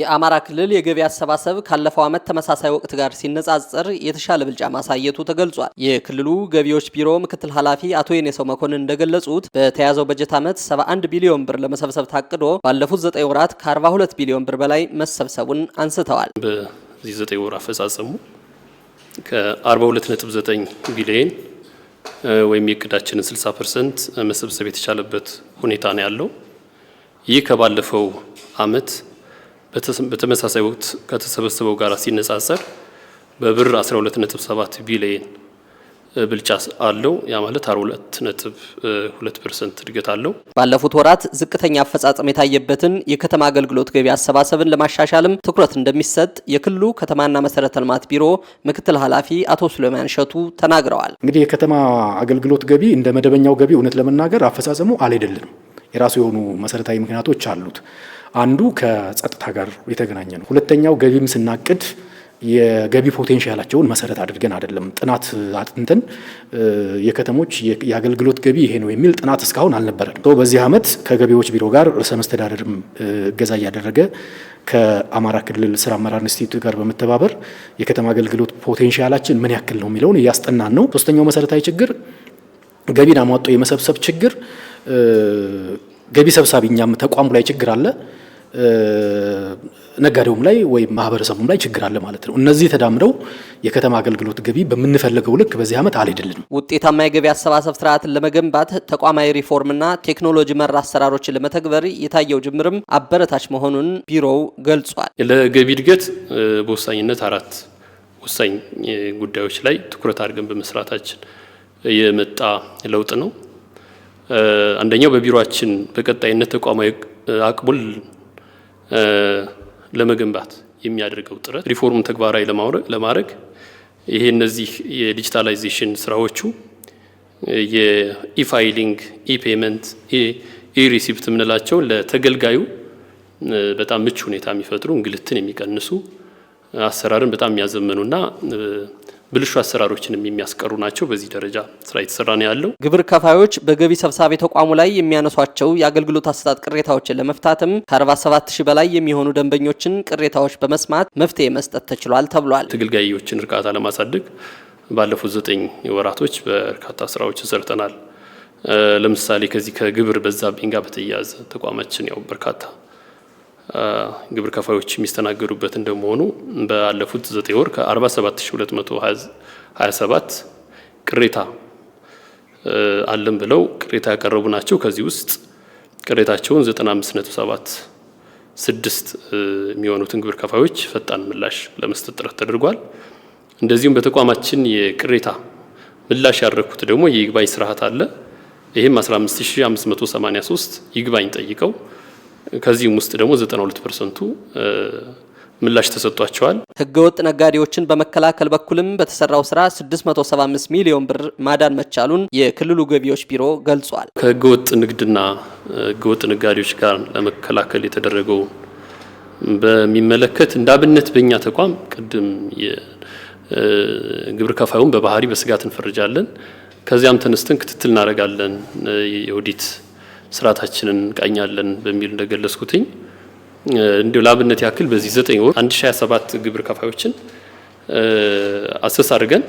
የአማራ ክልል የገቢ አሰባሰብ ካለፈው ዓመት ተመሳሳይ ወቅት ጋር ሲነጻጸር የተሻለ ብልጫ ማሳየቱ ተገልጿል። የክልሉ ገቢዎች ቢሮ ምክትል ኃላፊ አቶ የኔሰው መኮንን እንደገለጹት በተያዘው በጀት ዓመት 71 ቢሊዮን ብር ለመሰብሰብ ታቅዶ ባለፉት 9 ወራት ከ42 ቢሊዮን ብር በላይ መሰብሰቡን አንስተዋል። በዚህ 9 ወር አፈጻጸሙ ከ42.9 ቢሊዮን ወይም የእቅዳችንን 60 ፐርሰንት መሰብሰብ የተቻለበት ሁኔታ ነው ያለው። ይህ ከባለፈው ዓመት በተመሳሳይ ወቅት ከተሰበሰበው ጋር ሲነጻጸር በብር 12.7 ቢሊየን ብልጫ አለው። ያ ማለት 42.2 ፐርሰንት እድገት አለው። ባለፉት ወራት ዝቅተኛ አፈጻጸም የታየበትን የከተማ አገልግሎት ገቢ አሰባሰብን ለማሻሻልም ትኩረት እንደሚሰጥ የክልሉ ከተማና መሰረተ ልማት ቢሮ ምክትል ኃላፊ አቶ ሱሌማን ሸቱ ተናግረዋል። እንግዲህ የከተማ አገልግሎት ገቢ እንደ መደበኛው ገቢ እውነት ለመናገር አፈጻጸሙ አልሄደልንም። የራሱ የሆኑ መሰረታዊ ምክንያቶች አሉት። አንዱ ከጸጥታ ጋር የተገናኘ ነው። ሁለተኛው ገቢም ስናቅድ የገቢ ፖቴንሻላቸውን መሰረት አድርገን አይደለም። ጥናት አጥንተን የከተሞች የአገልግሎት ገቢ ይሄ ነው የሚል ጥናት እስካሁን አልነበረም። በዚህ ዓመት ከገቢዎች ቢሮ ጋር ርዕሰ መስተዳደርም እገዛ እያደረገ ከአማራ ክልል ስራ አመራር ኢንስቲትዩት ጋር በመተባበር የከተማ አገልግሎት ፖቴንሻላችን ምን ያክል ነው የሚለውን እያስጠናን ነው። ሶስተኛው መሰረታዊ ችግር ገቢን አሟጦ የመሰብሰብ ችግር ገቢ ሰብሳቢ እኛም ተቋሙ ላይ ችግር አለ። ነጋዴውም ላይ ወይም ማህበረሰቡም ላይ ችግር አለ ማለት ነው። እነዚህ ተዳምረው የከተማ አገልግሎት ገቢ በምንፈልገው ልክ በዚህ ዓመት አልሄድልንም። ውጤታማ የገቢ አሰባሰብ ስርዓትን ለመገንባት ተቋማዊ ሪፎርምና ቴክኖሎጂ መራ አሰራሮችን ለመተግበር የታየው ጅምርም አበረታች መሆኑን ቢሮው ገልጿል። ለገቢ እድገት በወሳኝነት አራት ወሳኝ ጉዳዮች ላይ ትኩረት አድርገን በመስራታችን የመጣ ለውጥ ነው። አንደኛው በቢሮችን በቀጣይነት ተቋማዊ አቅሙን ለመገንባት የሚያደርገው ጥረት ሪፎርሙን ተግባራዊ ለማድረግ ይሄ እነዚህ የዲጂታላይዜሽን ስራዎቹ የኢፋይሊንግ፣ ኢፔመንት፣ ኢሪሲፕት የምንላቸው ለተገልጋዩ በጣም ምቹ ሁኔታ የሚፈጥሩ እንግልትን የሚቀንሱ አሰራርን በጣም የሚያዘመኑና ብልሹ አሰራሮችንም የሚያስቀሩ ናቸው። በዚህ ደረጃ ስራ የተሰራ ነው ያለው። ግብር ከፋዮች በገቢ ሰብሳቢ ተቋሙ ላይ የሚያነሷቸው የአገልግሎት አሰጣጥ ቅሬታዎችን ለመፍታትም ከ47 ሺህ በላይ የሚሆኑ ደንበኞችን ቅሬታዎች በመስማት መፍትሄ መስጠት ተችሏል ተብሏል። ተገልጋዮችን እርካታ ለማሳደግ ባለፉት ዘጠኝ ወራቶች በርካታ ስራዎች ሰርተናል። ለምሳሌ ከዚህ ከግብር በዛብኝ ጋር በተያያዘ ተቋማችን ያው በርካታ ግብር ከፋዮች የሚስተናገዱበት እንደመሆኑ ባለፉት ዘጠኝ ወር ከ47227 ቅሬታ አለን ብለው ቅሬታ ያቀረቡ ናቸው። ከዚህ ውስጥ ቅሬታቸውን 95.7 ስድስት የሚሆኑትን ግብር ከፋዮች ፈጣን ምላሽ ለመስጠት ጥረት ተደርጓል። እንደዚሁም በተቋማችን የቅሬታ ምላሽ ያደረግኩት ደግሞ የይግባኝ ስርዓት አለ። ይህም 15583 ይግባኝ ጠይቀው ከዚህም ውስጥ ደግሞ 92 ፐርሰንቱ ምላሽ ተሰጥቷቸዋል። ህገወጥ ነጋዴዎችን በመከላከል በኩልም በተሰራው ስራ 675 ሚሊዮን ብር ማዳን መቻሉን የክልሉ ገቢዎች ቢሮ ገልጿል። ከህገወጥ ንግድና ህገወጥ ነጋዴዎች ጋር ለመከላከል የተደረገው በሚመለከት እንደ አብነት በእኛ ተቋም ቅድም የግብር ከፋዩን በባህሪ በስጋት እንፈርጃለን። ከዚያም ተነስተን ክትትል እናደርጋለን የኦዲት ስርዓታችንን እንቃኛለን በሚል እንደገለጽኩትኝ እንዲሁ ለአብነት ያክል በዚህ ዘጠኝ ወር ሰባት ግብር ከፋዮችን አሰስ አድርገን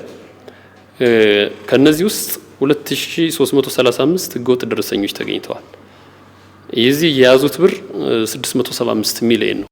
ከነዚህ ውስጥ 2335 ህገወጥ ደረሰኞች ተገኝተዋል። የዚህ የያዙት ብር አምስት ሚሊየን ነው።